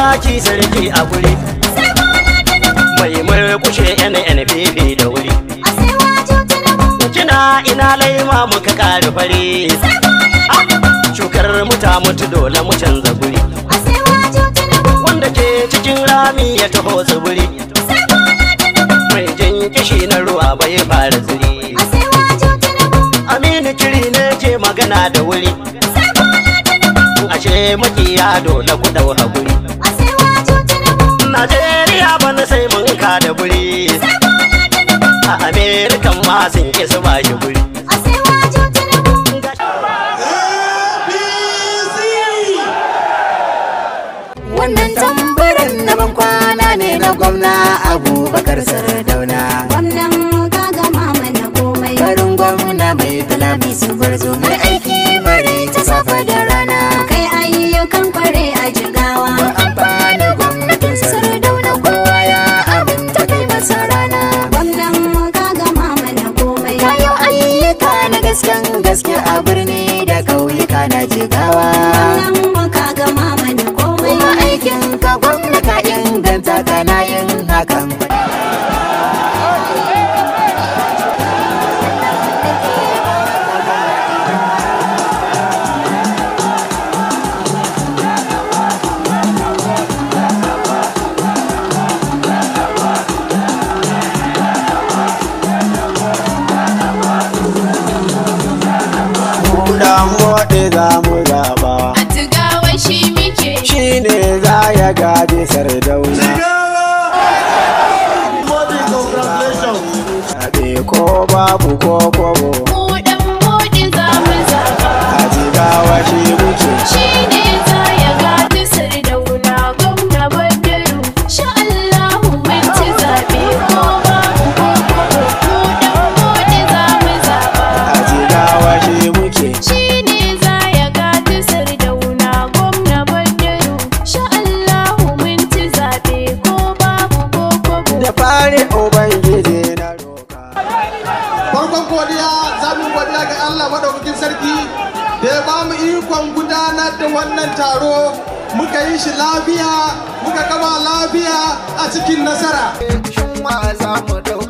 zaki sarki a guri mai murkushe yan da wuri kina ina laima muka ƙari fare ah, shukar muta mutu dole mu canza guri wanda ke cikin rami ya taho tsibiri mai jin kishi na ruwa bai fara tsiri aminu kiri ne ke magana da wuri ashe makiya dole ku dau guri. Najeriya bana sai mun ka da buri. A Amerikan ma sun ke su ba shi buri. Wannan tambarin na ban kwana ne na gwamna Abubakar Sardauna. Gwamnan mu ka gama mana komai. Barin gwamna mai talami su bar zo mai aiki. ne za mu zaba a jigawa shi muke shi ne za ya gaji sardauna ko babu ko kwabo Allah maɗaukakin sarki da ya ba mu ikon gudanar da wannan taro muka yi shi lafiya muka kama lafiya a cikin nasara. Shin wa za mu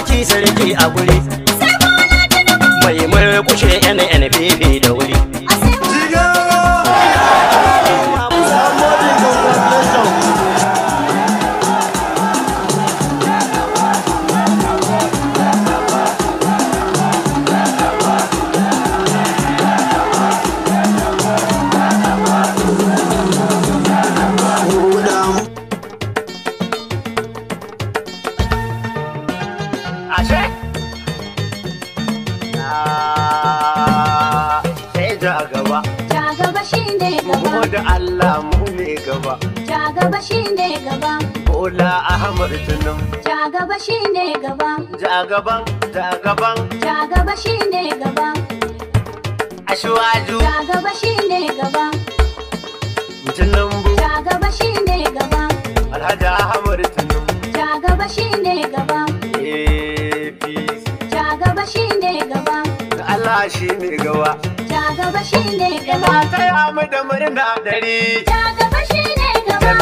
baki sarki a guri shine gaba mu da Allah mu ne gaba ja gaba shine gaba Bola Ahmad Tunum ja gaba shine gaba ja gaban ja gaba. ja gaba shine gaba Ashwaju ja gaba shine gaba Tunumbu ja gaba shine gaba Alhaji Ahmad Tunum ja gaba shine gaba APC ja gaba shine gaba Allah shine gaba gaba shine gaba taya mu da murna dare ja gaba shine gaba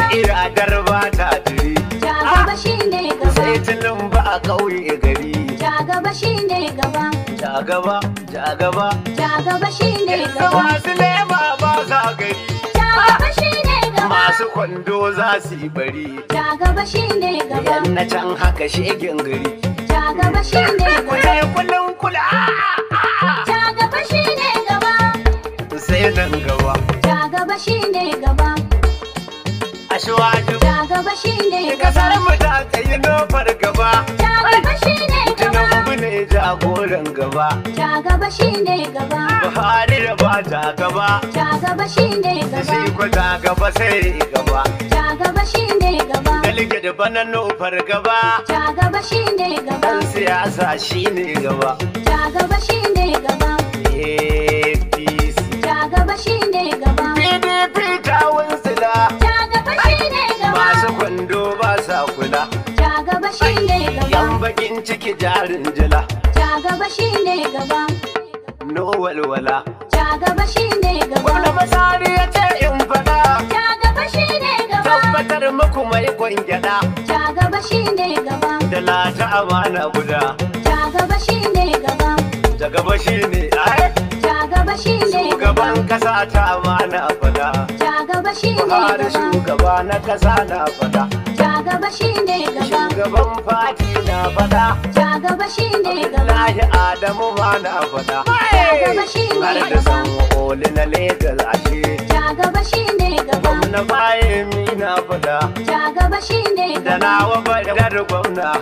a darba ta jiri ja gaba shine gaba sai tilin ba a kauye gari ja gaba shine gaba ja gaba ja gaba ja gaba shine gaba masu lema ba za gari ja gaba shine gaba masu kwando za su yi bari ja gaba shine gaba na can haka shegen gari ja gaba shine gaba ne nan gaba. Ja gaba shi ne gaba. A shuwaju. Ja gaba shi ne gaba. Kasar mu ta tsayi nufar gaba. Ja gaba shi ne gaba. mu ne jagoran gaba. Ja gaba shi ne gaba. Buhari da ba ja gaba. Ja gaba shi ne gaba. Shi ko ja gaba sai gaba. Ja gaba shi ne gaba. Dalike da bana nufar gaba. Ja gaba shi ne gaba. Dan siyasa shi ne gaba. Ja gaba shi ne gaba. shine gaba yan bakin ciki jarin jila ja gaba shine gaba no walwala ja gaba shine gaba gwamna masani ya ce in fada ja gaba shine gaba tabbatar muku mai kwangyada ja gaba shine gaba da lata amana guda ja gaba shine gaba ja gaba shine ai ja gaba shine shugaban kasa ta amana fada ja gaba shine gaba shugaban kasa na fada gaba shi gaba shugaban fati na fada ja gaba shi gaba lahi adamu ma na fada ja gaba shi ne gaba har da san oli na legal ake? ja gaba shi gaba gwamna baye mi na fada ja gaba shi ne gaba da nawa bari gwamna